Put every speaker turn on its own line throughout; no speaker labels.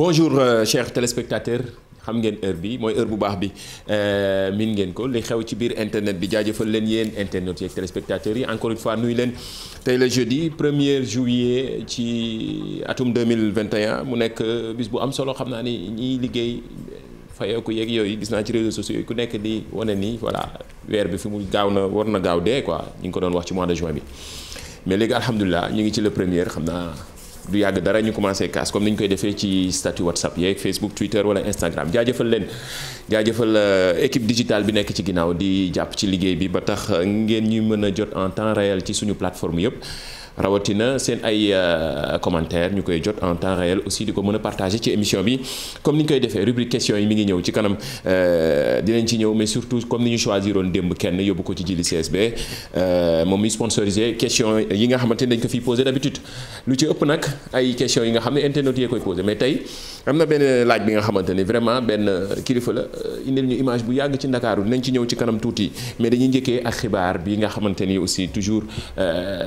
bonjour euh, chers téléspectateurs xam ngeen heure bi mooy heure bu baax bi euh, min ngeen ko li xew ci biir internet bi jaajëfal leen yéen internet yeeg téléspectateurs yi encore une fois nuyu leen tey la jeudi premier juillet ci atum 2021 mu nekk euh, bis bu am solo xam naa ni ñiy liggéey ku yeeg yooyu gis naa ci réseaux sociaux yi ku nekk di wane ni voilà weer bi fi mu gaaw na war na gaaw dee quoi ñu ngi ko doon wax ci mois de juin bi mais léegi alhamdulilah ñu ngi ci le premier xam naa du yàgg dara ñu commencé kaas comme ni ñu koy defee ci statut WhatsApp yeeg Facebook Twitter wala Instagram jaajëfal leen jaajëfal euh, équipe digitale bi nekk ci ginnaaw di jàpp ci liggéey bi ba tax ngeen ñuy mën a jot en temps réel ci suñu plateforme yëpp. rawatina seen ay euh, commentaire ñu koy jot en temps réel aussi di ko mën a partager ci émission bi comme ni ñu koy defee rubrique question yi mi ngi ñëw ci kanam euh, dinañ ñëw mais surtout comme ni ñu choisiroon démb kenn yóbbu ko ci jili CSB euh, moom mi question yi nga xamante ni dañ ko fiy posé d'habitude lu ci ëpp nag ay question yi nga xam ne internautes yee koy posé mais tey am na benn laaj bi nga xamante ni vraiment benn kilifa la indil ñu image bu yàgg ci Ndakaaru nañ ci ñëw ci kanam tuuti mais dañuy njëkkee ak xibaar bi nga xamante ni aussi toujours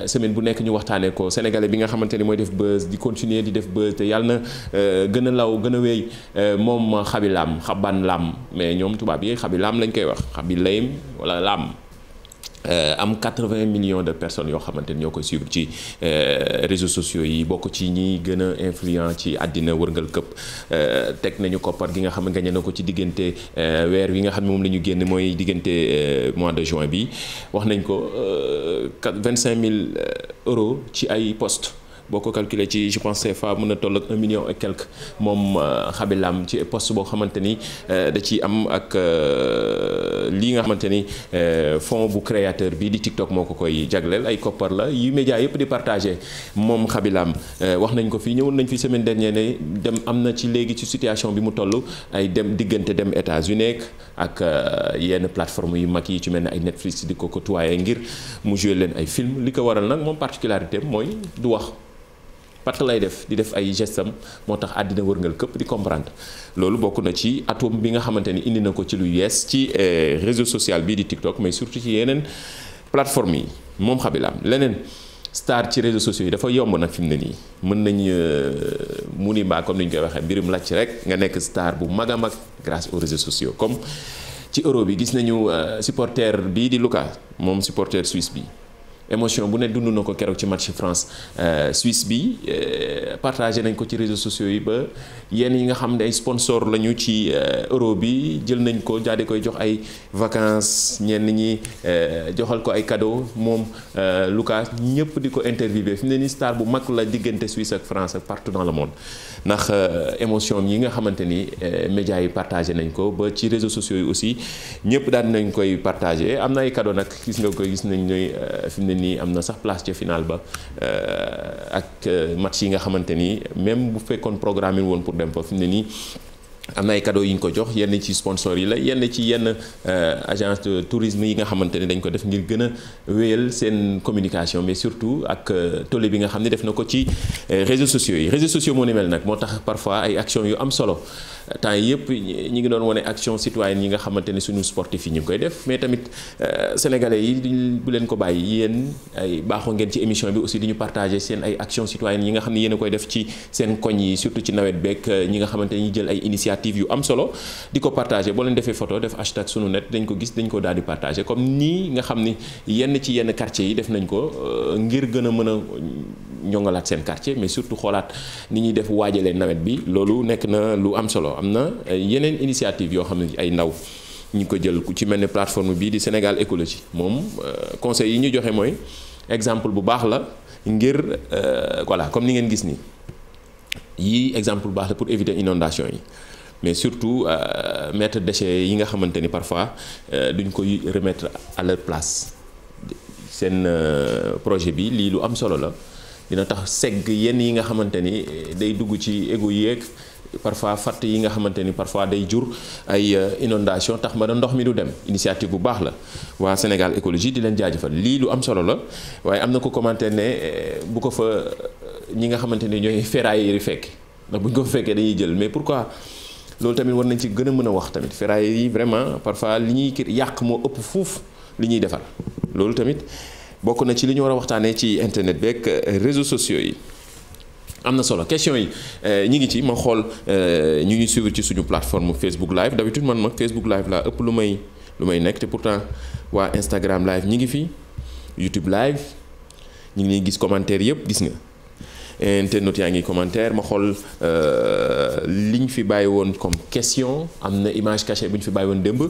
semaine bu nekk waxtaanee ko sénégalais bi nga xamante ni mooy def buzz di continuer di def buzz te yàlla na euh, gën a law gën a wéy euh, moom xabi laam xaban laam mais ñoom tubaab yee xabi laam lañ koy wax xabi laym wala laam Euh, am quatre-vingts millions de personnes yoo xamante ni ñoo koy suivre ci euh, réseau sociaux yi bokk ci ñi gën a influent ci àddina wërngal këpp euh, teg nañu koppar gi nga xam ne gañe ko ci diggante weer wi nga xam ne moom la ñu génn mooy diggante mois de juin bi wax nañ ko vingt-cinq mille euros ci ay poste boo ko calculer ci je pense CFA mën na toll ak un million quelque moom euh, Khaby Lame ci poste boo xamante ni euh, da ciy am ak euh, lii nga xamante ni fond bu créateur bi di TikTok moo ko koy jagleel ay koppar la yu média yëpp di partagé moom Khaby Lame wax nañ ko fii ñëwoon nañ fi semaine dernière ne dem am na ci léegi ci situation bi mu toll ay dem diggante dem États-Unis ak yenn plateforme yu mag yi ci mel ni ay Netflix di ko côtoyer ngir mu jouer leen ay film li ko waral nag moom particularité mooy du wax patt lay def di def ay gestam moo tax àddina wërngal këpp di comprendre loolu bokk na ci atom bi nga xamante ni indi na ko ci lu yees ci eh, réseau social bii di TikTok mais surtout ci yeneen plateforme yi moom xabilaam leneen star ci réseaux sociaux yi dafa yomb nag fi mu ne nii mën nañ euh, mu ni mbaa comme ni ñu koy waxee mbirum làcc rek nga nekk star bu mag a mag grâce aux réseaux sociaux comme ci euro bi gis nañu euh, supporter bii di Luka moom supporter suisse bi émotion bu ne dund na ko keroog ci match France euh, Suisse bi euh, partagé nañ ko ci réseau sociaux yi ba yenn yi nga xam ne ay sponsor lañu ci euh, euro bi jël nañ ko daal di koy jox ay vacances ñenn ñi joxal ko ay cadeaux moom Lucas ñëpp di ko interviewé fi mu ne nii star bu mag la diggante Suisse ak France ak partout dans le monde ndax émotion yi nga xamante ni médias yi partagé nañ ko ba ci réseau sociaux yi aussi ñëpp daal nañ koy partagé am na ay cadeaux nag gis nga ko gis nañ ñooy fi nii am na sax place ca final ba euh, ak euh, match yi nga xamante ni même bu fekkoon programme woon pour dem fa fi ne nii. am na ay cadeau yi ñu ko jox yenn ci sponsor yi la yenn ci yenn euh, agence de tourisme yi nga xamante ne dañ ko def ngir gën a wéyal seen communication mais surtout ak euh, tollé bi nga xam ne def na ko ci euh, réseaux sociaux yi réseaux sociaux moo ni mel nag moo tax parfois ay action yu am solo temps yëpp ñi ngi doon wane action citoyenne yi nga xamante ne suñu sportif yi ñu ngi koy def mais tamit sénégalais yi bu leen ko bàyyi yéen ay baaxoo ngeen ci émission bi aussi di ñu partager seen ay action citoyenne yi nga xam ne yéen a koy def ci seen koñ yi ci nawet beeg ñi nga xamante ne ñu jël ay initiative yu am solo di ko partagé boo leen defee photo def hashtag sunu net dañ ko gis dañ ko daal di partagé comme nii nga xam ni yenn ci yenn quartier yi def nañ ko euh, ngir gën a mën a ñoŋalaat seen quartier mais surtout xoolaat ni ñuy def waajalee nawet bi loolu nekk na lu am solo am na euh, yeneen initiative yoo xam ne ay ndaw ñu ko jël ku ci mel ni plateforme bii di Sénégal écologie moom euh, conseil yi ñu joxe mooy exemple bu baax la ngir voilà comme ni ngeen gis nii yii exemple bu pour éviter inondation yi mais surtout euh, mettre déchets yi nga xamante ni parfois euh, duñ koy remettre à leur place seen euh, projet bi lii lu am solo la dina tax segg yenn yi nga xamante ni eh, day dugg ci égout yeeg parfois fatt yi nga xamante ni parfois day jur ay inondation tax ma ne ndox mi du dem initiative bu baax la waa Sénégal écologie di leen jaajëfal lii lu am solo la waaye am na ko commenté ne eh, bu ko fa ñi nga xamante ni ñooy ferraille yi fekk ndax bu ñu ko fekkee dañuy jël mais pourquoi loolu tamit war nañ ci gën a mën a wax tamit ferraille yi vraiment parfois li ñuy yàq moo ëpp fuuf li ñuy defar loolu tamit bokk na ci li ñu war a waxtaanee ci internet beeg euh, réseau sociaux yi. am na solo question yi euh, ñu ngi ci ma xool euh, ñu ngi suivre ci suñu plateforme Facebook live d'habitude man ma Facebook live laa ëpp lu may lu may nekk te pourtant waa Instagram live ñi ngi fi YouTube live ñu ngi gis commentaire yëpp gis nga. internet yaa ngi commentaire ma xool euh, li ñu fi bàyyi woon comme question am na image cachée bu ñu fi bàyyi woon démb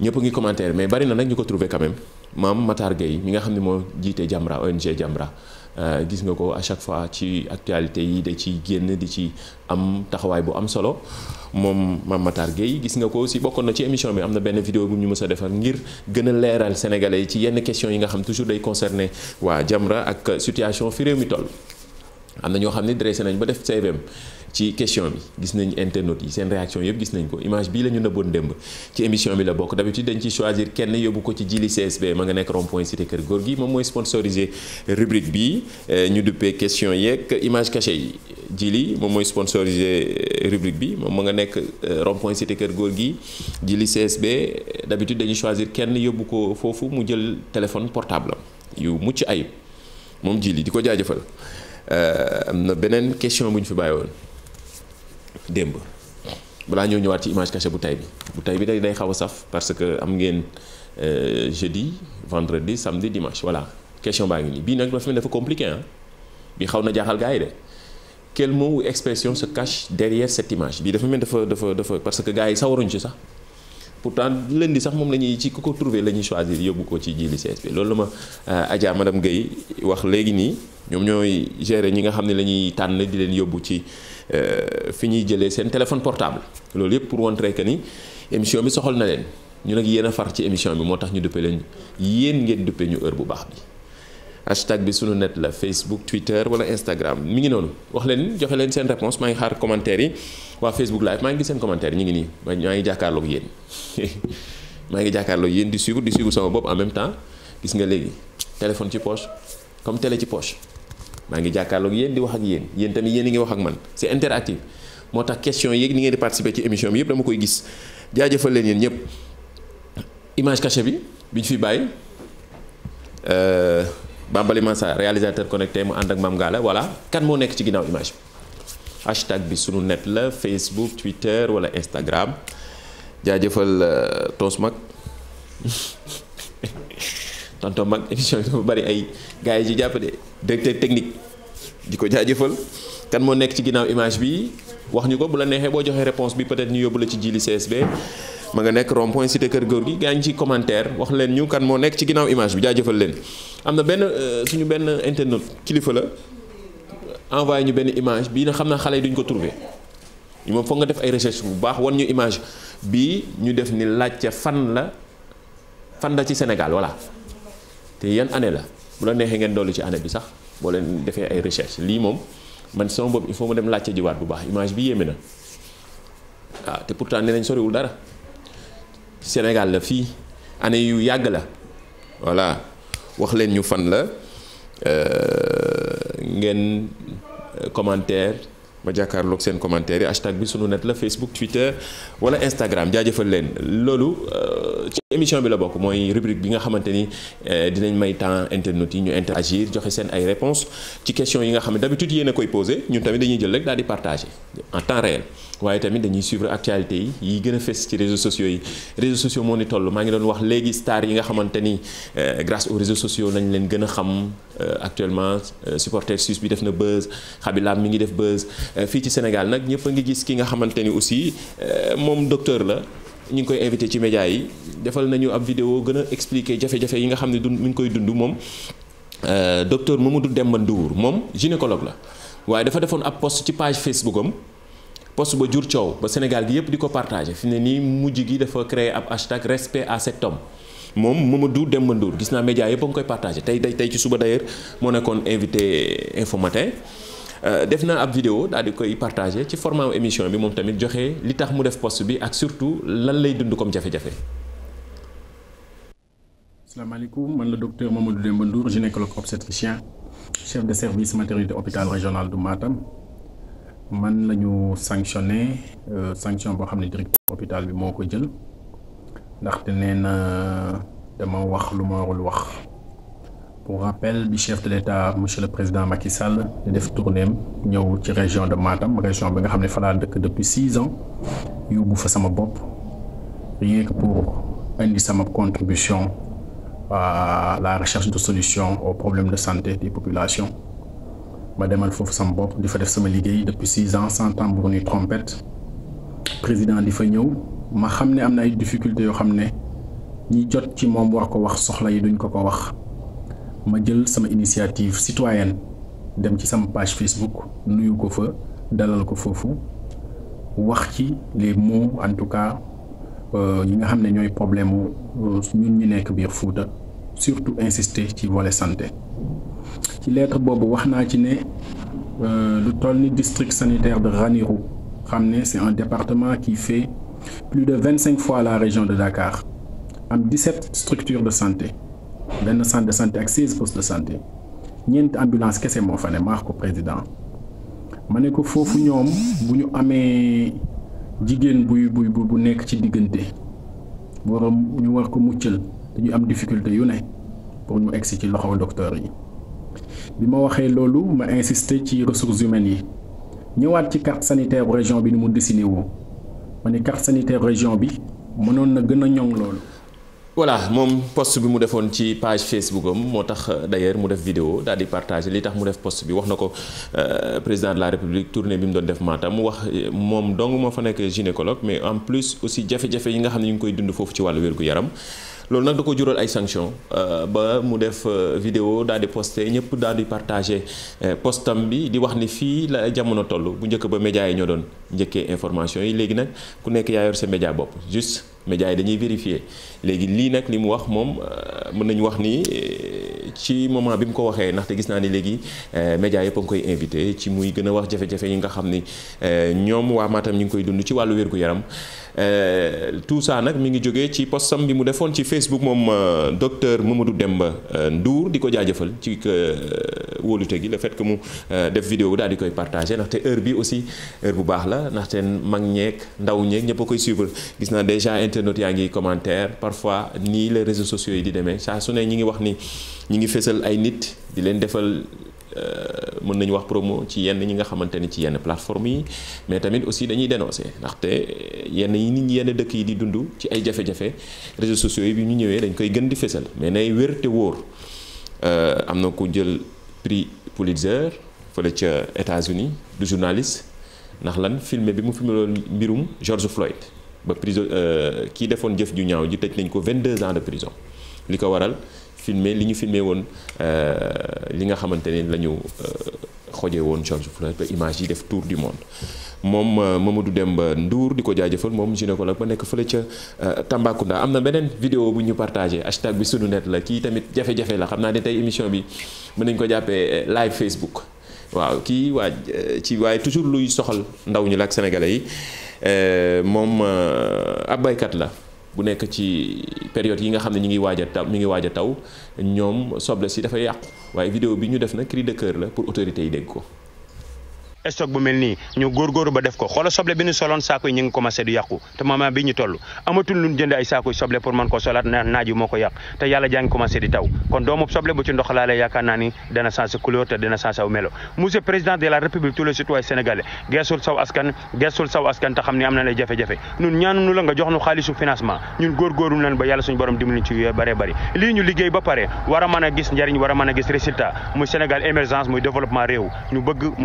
ñëpp ngi commentaire mais bari na nag ñu ko trouvé quand même maam Matar Gueye mi nga xam ne moo jiite Jamra ONG Jamra euh, gis nga ko à chaque fois ci actualité yi da ci génn di ci am taxawaay bu am solo moom Mame Matar Gueye gis nga ko aussi bokkoon na ci émission bi am na benn vidéo bu ñu mës a defar ngir gën a leeral sénégalais yi ci yenn question yi nga xam toujours day concerné waa Jamra ak situation fi réew mi toll am na ñoo xam ne dressé nañ ba def CVM ci question bi gis nañ internet yi seen réaction yëpp gis nañ ko image bii la ñu nëbboon démb ci émission bi la bokk d'habitude dañ ciy choisir kenn yóbbu ko ci jili CSB ma nga nekk rond point cité kër góor gi moom mooy sponsorisé euh, ñu duppee question yeeg image cachée yi jili moom mooy sponsorisé euh, rubrique bi moom ma nga nekk euh, rond point cité góor gi jili CSB d'habitude dañuy choisir kenn yóbbu ko foofu mu jël téléphone portable am yu mucc ayib moom jili di ko jaajëfal Euh, am na beneen question bu ñu fi bàyyi woon démb balaa ñëw ñëwaat ci image cachée bu tay bi bu tay bi tey day xaw a saf parce que am ngeen euh, jeudi vendredi samedi dimanche voilà question baa ngi nii bii nag dafa dafa compliqué ah bi xaw na jaaxal gars de quel mot ou expression se cache derrière cette image bii dafa mel dafa dafa dafa parce que gars yi sawaruñ ci sax pourtant di sax moom la ñuy ci ku ko trouver la ñuy choisir yóbbu ko ci jili CSP loolu la ma euh, Adja madame wax léegi nii ñoom ñooy gérer ñi nga xam ne lañuy ñuy tànn di leen yóbbu ci euh, fi ñuy jëlee seen téléphone portable loolu yëpp pour montrer que ni émission bi soxal na leen ñu nag yéen far ci émission bi moo tax ñu duppe leen yéen ngeen duppe ñu heure bu baax bi hashtag bi sunu net la Facebook Twitter wala Instagram mi ngi noonu wax leen joxe leen seen réponse maa ngi xaar commentaire yi waa Facebook live maa ngi gis seen commentaire ñu ngi nii maa ngi jàkkaarloog yéen maa ngi jàkkaarloog yéen di suivre di suivre sama bopp en même temps gis nga léegi téléphone ci poche comme télé ci poche maa ngi jàkkaarloog yéen di wax ak yéen yéen tamit yéen a ngi wax ak man c'est interactif moo tax question yeeg ni ngeen di participer ci émission bi yëpp dama koy bi bi fi bàyyi. Euh, Bambali Mansa réalisateur connecté mu ànd ak Mame Galla voilà kan moo nekk ci ginnaaw image bi hashtag bi sunu net la Facebook Twitter wala Instagram jaajëfal euh, toos mag tonton mag émission bi dafa bari ay gars yi ci jàpp de directeur technique di ko jaajëfal kan moo nekk ci ginnaaw image bi wax ñu ko bu la neexee boo joxee réponse bi peut-être ñu yóbbu la ci jili CSB ma nga nekk rond point cité kër góor gi gaa ngi ci commentaire wax leen ñu kan moo nekk ci ginnaaw image bi jaajëfal leen am na benn euh, suñu benn internet kilifa la envoyé ñu benn image bii na xam naa xale yi duñ ko trouver ñu moom foog nga def ay recherche bu baax wan ñu image bii ñu def ni laajte fan la fan la ci senegal voilà te yan année la bu la neexee ngeen dolli ci année bi sax boo leen defee ay recherche lii moom man sama bopp il faut ma dem laajte jiwaat bu baax image bi yéeme na waaw ah, te nañ soriwul dara Sénégal la fii année yu yàgg la voilà wax leen ñu fan la euh, ngeen euh, commentaire ma jàkkaarloog seen commentaire yi hashtag bi sunu net la Facebook Twitter wala Instagram jaajëfal leen loolu euh, ci émission bi la bokk mooy rubrique bi nga xamante ni dinañ may temps internet yi ñu interagir joxe seen ay réponses ci question yi nga xam ne d'habitude yéen a koy posé ñun tamit dañuy jël rek daal di en temps réel. waaye tamit dañuy suivre actualité yi yi gën a fës ci réseaux sociaux yi réseaux sociaux moo ni toll maa ngi doon wax léegi star yi nga xamante ni euh, grâce aux réseaux sociaux leen gën a xam euh, actuellement euh, supporter suisse bi def na buzz Khaby mi ngi def buzz fii ci Sénégal nag ñëpp a ngi gis ki nga xamante ni aussi moom docteur la ñu ngi koy invité ci média yi defal nañu ab vidéo gën a expliquer jafe-jafe yi nga xam ne dund mi ngi koy dund moom docteur Mamadou Demba Ndour moom gynécologue la waaye dafa defoon ab post ci page Facebook am post ba jur coow ba Sénégal gi yëpp di ko partagé fi ne ni mujj gi dafa créer ab hashtag respect à cet homme moom Mamadou Demba Ndour gis na média yëpp koy partagé tey tey tey ci suba d'ailleurs moo nekkoon invité Info euh, def naa ab vidéo daal di koy partagé ci format émission bi moom tamit joxe li tax mu def post bi ak surtout lan lay dund comme jafe-jafe.
asalaamaaleykum man la docteur Mamadou Demba Ndour gynécologue obstétricien chef de service maternité hôpital régional du Matam. man nañu ñu sanctionné euh, sanction boo xam ne directeur hôpital bi moo ko jël ndaxte nee na dama wax lu ma warul wax pour rappel bi chef de l'État monsieur le président Macky Sall di def tournéem ñëw ci région de Matam région bi nga xam ne fa dëkk depuis six ans yóbbu fa sama bopp rien pour indi sama contribution la recherche de solution au problème de santé des population ma demal foofu sama bopp di fa def sama liggéey depuis six ans sans tambour ni trompette président di fa ñëw ma xam ne am na ay difficultés yoo xam ne ñi jot ci moom war ko wax soxla yi duñ ko ko wax ma jël sama initiative citoyenne dem ci sama page Facebook nuyu ko fa dalal ko foofu wax ci les mots en tout cas ñi euh, nga xam ne ñooy problème euh, ñun ñu nekk biir Fuuta surtout insister ci volet santé ci lettre boobu wax naa ci ne euh, lu toll ni district sanitaire de Ranérou xam ne c'est un département qui fait plus de vingt cinq fois la région de Dakar am dix sept structure de santé benn centre de santé ak seize postes de santé ñeent ambulance kese moo fa ne maax ko président ma ne ko foofu ñoom bu ñu amee jigéen buy buy bu nekk ci diggante war ñu war ko muccal dañu am difficulté yu ne pour ñu egsi ci loxo docteur yi bi ma waxee loolu ma insister ci ressources humaines yi ñëwaat ci carte sanitaire région bi ni mu dessiné woo ma ne carte sanitaire région bi mënoon na gën a ñoŋ loolu.
voilà moom post bi mu defoon ci page Facebook am moo tax d'ailleurs mu def vidéo daal di partager li tax mu def post bi wax na ko euh, président de la république tournée bi mu doon def maatam Matam wax moom dong moo fa nekk gynécologue mais en plus aussi jafe-jafe yi nga xam ne ñu ngi koy dund foofu ci wàllu wér yaram loolu nag da ko juróol ay sanctions euh, ba mu def euh, vidéo daal di posté ñëpp daal di partagé euh, postam bi di wax ni fii la jamono toll bu njëkk ba média yi ñoo doon njëkkee information yi léegi nag ku nekk yaa yor sa média bopp juste média yi dañuy vérifier léegi lii nag li mu wax moom mën nañu wax ni ci moment bi mu ko waxee ndaxte gis naa ni léegi média yëpp a ngi koy invité ci muy gën a wax jafe-jafe yi nga xam ni ñoom waa Matam ñu ngi koy dund ci wàllu wér yaram Euh, tout ça nag mi ngi jógee ci postam bi mu defoon ci Facebook moom euh, docteur dem ba euh, Ndour di ko jaajëfal ci wóolute gi la fait que mu def vidéo daal di koy partagé ndaxte heure bi aussi heure bu baax la ndaxte mag ñeeg ndaw ñeeg ñëpp koy suivre gis naa déjà internet yaa ngi commentaire parfois nii les réseaux sociaux yi di demee saa su ne ñi ngi wax ni ñi ngi fésal ay nit di leen defal. Euh, mën nañu wax promo ci yenn ñi nga xamante ni ci yenn plateforme yi mais tamit aussi dañuy dénoncer ndaxte euh, yenn yi nit ñi yenn dëkk yi di dundu ci ay jafe-jafe réseaux sociaux yi bi ñu ñëwee dañ koy gën di fésal mais nay wér te wóor euh, am na ko jël prix Pulitzer fële ca États-Unis du journaliste ndax lan filmé bi mu filmé loon mbirum George Floyd ba prison kii defoon jëf ju ñaaw ji tëj nañ ko vingt deux ans de prison li ko waral. filmer li ñu filmer woon euh, li nga xamante ne la ñu euh, xojee woon George Floyd ba image yi def tour du monde moom euh, dem ba nduur di ko jaajëfal moom la ba nekk fële ca Tambacounda am na beneen vidéo bu ñu partagé hashtag bi sunu net la kii tamit jafe-jafe la xam naa ne tey émission bi mën nañ ko jàppee live Facebook waaw kii waa ci waaye toujours luy soxal ndaw ñi la ak sénégalais yi moom ab la bu nekk ci période yi nga xam ne ñu ngi waaj a taw mi ngi waaj taw ñoom soble si dafay yàqu waaye vidéo bi ñu def na cri de cœur la pour autorités yi dégg ko stock bu mel nii ñu góorgóoru ba def ko xoola soble bi ñu soloon saako ñu ngi commencé du yàqu te moment bi ñu toll amatul lu jënd ay saako soble pour mën ko solaat na naaj ko yàq te yàlla jaa ngi commencé taw kon doomu soble bu ci ndox laalee yaakaar naa ni dana sens couleur te dana sens aw melo monsieur président de la république tous les citoyens sénégalais geesul saw askan te xam ne am na lay jafe-jafe ñun ñaanunu la nga jox nu xaalisu financement a mën a gis njariñ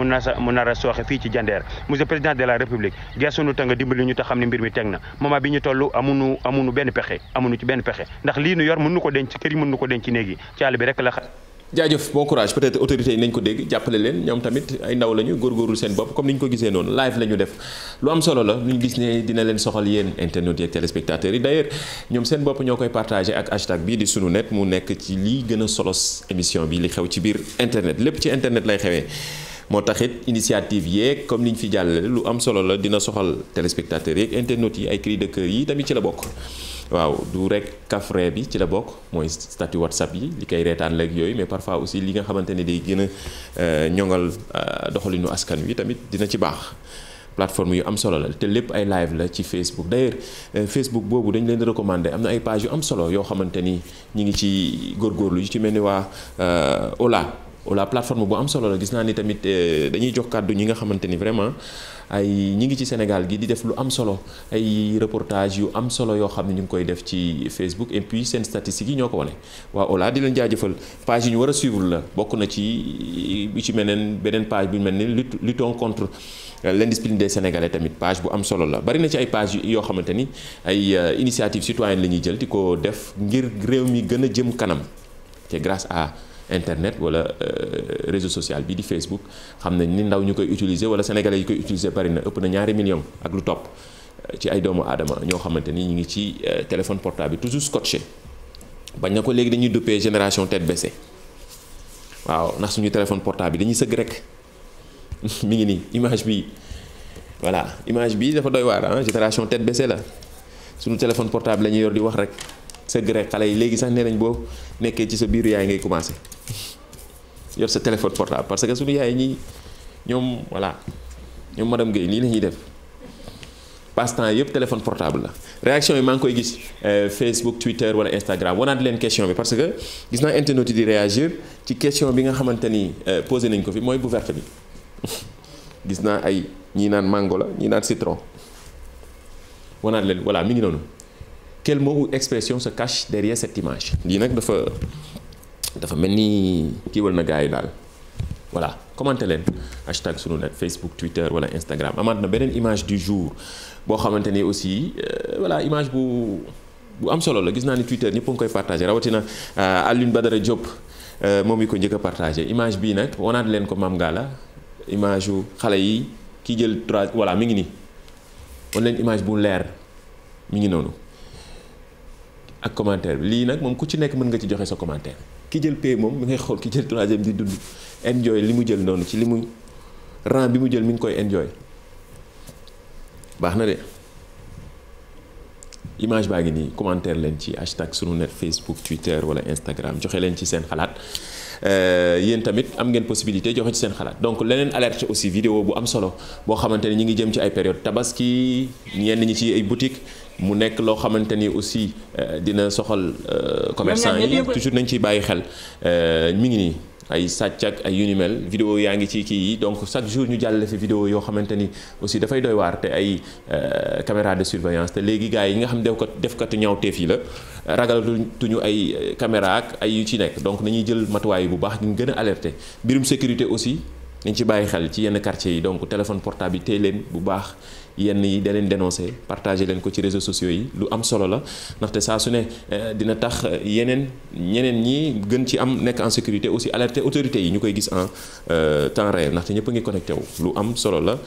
war a nar a sooxe fii ci Jandeer monsieur président de la république gersunu ta nga dimbali ñu te xam ne mbir mi teg na moment bi ñu toll amunu amunu benn pexe amunu ci benn pexe ndax lii nu yor mën nu ko denc kër yi mën nu ko denc néeg yi ci àll bi rek la jaajëf bon courage peut-être autorités yi nañ ko dégg jàppale leen ñoom tamit ay ndaw lañu góorgóorlu seen bopp comme ni ñu ko gisee noonu live la ñu def lu am solo la lu ñu gis ne dina leen soxal yéen internautes yi ak yi d'ailleurs ñoom seen bopp ñoo koy partagé ak hashtag bii di sunu net mu nekk ci lii gën a solos émission bi li xew ci biir internet lépp ci internet lay xewee moo taxit initiative yeeg comme ni ñu fi jàllale lu am solo la dina soxal téléspectateurs yeeg internautes yi ay cri de cœur yi tamit ci la bokk. waaw du rek kafre bi ci la bokk mooy statut whatsapp yi li koy reetaan leeg yooyu mais parfois aussi li nga xamante ne day gën euh, ñongal euh, doxalinu askan wi tamit dina ci baax plateforme yu am solo la te lépp ay live la ci Facebook d'ailleurs euh, Facebook boobu dañ leen recommander am na ay page yu am solo yoo xamante ni ñi ngi ci góorgóorlu yu ci mel ni waa Ola la plateforme bu am solo la gis naa ni tamit euh, dañuy jox kàddu ñi nga xamante ni vraiment ay ñi ngi ci Sénégal gi di def lu am solo ay reportage yu am solo yoo xam ne ñu ngi koy def ci Facebook et puis seen statistiques yi ñoo ko wane waaw Ola di leen jaajëfal page yi ñu war a suivre la bokk na ci bi ci meneen beneen page bu mel ni lutte luttons contre euh, l'indiscipline des Sénégalais tamit page bu am solo la bari na ci ay page yoo xamante ni ay euh, initiative citoyenne la ñuy jël di ko def ngir réew mi gën a jëm kanam te à internet wala euh, réseau sociale bi di Facebook xam nañ ni ndaw ñu koy utiliser wala sénégalais yi koy utiliser bari na ëpp na ñaari millions ak lu topp euh, ci ay doomu aadama ñoo xamante ni ñu ngi ci euh, téléphone portable toujours scotché bañ na ko léegi dañuy duppee génération tête baissée waaw ndax suñu téléphone portable bi dañuy sëgg rek mi ngi nii image bi voilà image bi dafa doy waar ah génération tête baissée la suñu téléphone portable la ñuy yor di wax rek. sa gré xale yi léegi sax nee nañ boo nekkee ci sa biiru yaay ngay commencé yor sa téléphone portable parce que suñu yaay ñi ñoom voilà ñoom madame Guèye lii la ñuy def passe temps yëpp téléphone portable la réaction yi maa ngi koy gis euh, Facebook Twitter wala Instagram wanaat leen question bi parce que gis naa internautes yi di réagir ci question bi nga xamante ni euh, posé nañ ko fi mooy bu verte bi gis naa ay ñii naan mango la ñii naan citron wanaat leen voilà mi ngi noonu. quel mot ou expression se cache derrière cette image lii nag dafa dafa mel ni kiiwal na gars yi daal voilà commenté leen hashtag sunu net Facebook Twitter wala Instagram amaat na beneen image du jour boo xamante ni aussi euh, voilà image bu bu am solo la gis naa ni Twitter ñëpp a koy partagé rawatina ba euh, Badara Diop euh, moom mi ko njëkk a image bii nag wanaat leen ko maam Galla image yu xale yi ki jël trois voilà mi ngi nii wan leen image bu leer mu ngi noonu. ak commentaire bi lii nag moom ku ci nekk mën nga ci joxe sa commentaire ki jël pay moom mu ngay xool ki jël troisième di dund enjoy li mu jël noonu ci li mu rang bi mu jël mi ngi koy enjoy baax na de image baa ngi nii commentaire leen ci hashtag sunu net Facebook Twitter wala Instagram joxe leen ci seen xalaat Euh, yéen tamit am ngeen possibilité joxe ci seen xalaat donc leneen alerte aussi vidéo bu am solo boo xamante ne ñi ngi jëm ci ay période tabaski ñenn ñi ci ay boutique mu nekk loo xamante ni aussi euh, dina soxal euh, commerçant yi toujours nañ ci bàyyi xel mi ngi nii ay sàcc ak ay yu ni vidéo yaa ngi ci kii yi donc chaque jour ñu jàllale fi video yoo xamante ni aussi dafay doy waar te ay euh, caméra de surveillance te léegi gars yi nga xam def kat defkatu ñaawteef yi la ragalatuñu ay euh, caméra ak ay yu ci nekk donc nañuy jël matuwaay bu baax ñu gën a alerter mbirum sécurité aussi nañ ci bàyyi xel ci yenn quartier yi donc téléphone portable yi téye leen bu baax yenn yi da leen dénoncé leen ko ci réseau sociaux yi lu am solo la ndaxte saa su ne eh, dina tax eh, yeneen ñeneen ñi gën ci am nekk en sécurité aussi alerté autorités yi ñu koy gis en euh, temps réel ndaxte ñëpp a ngi connecté lu am solo la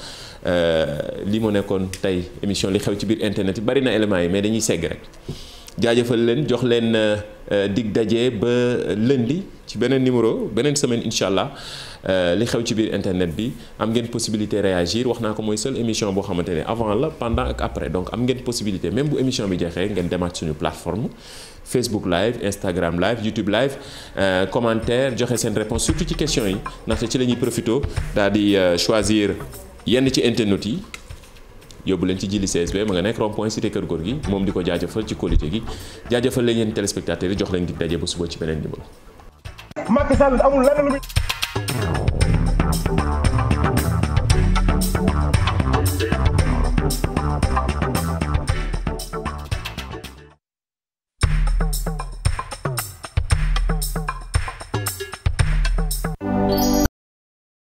euh, lii moo nekkoon tey émission li xew ci biir internet yi bari na éléments yi mais dañuy segg rek jaajëfal leen jox leen euh, dig daje ba lundi ci beneen numéro beneen semaine incha allah Euh, li xew ci biir internet bi am ngeen possibilité réagir wax naa ko mooy seule émission boo xamante ne avant la pendant ak après donc am ngeen possibilité même bu émission bi jeexee ngeen demaat suñu plateforme Facebook live Instagram live YouTube live euh, commentaire joxe seen réponse surtout ci question yi ndaxte ci la ñuy profito daal di euh, choisir yenn ci internet yi yóbbu leen ci jili CSB ma nga nekk rond point cité kër góor moom di ko jaajëfal ci qualité gi jaajëfal yi jox leen di daje ba suba ci beneen numéro.
Macky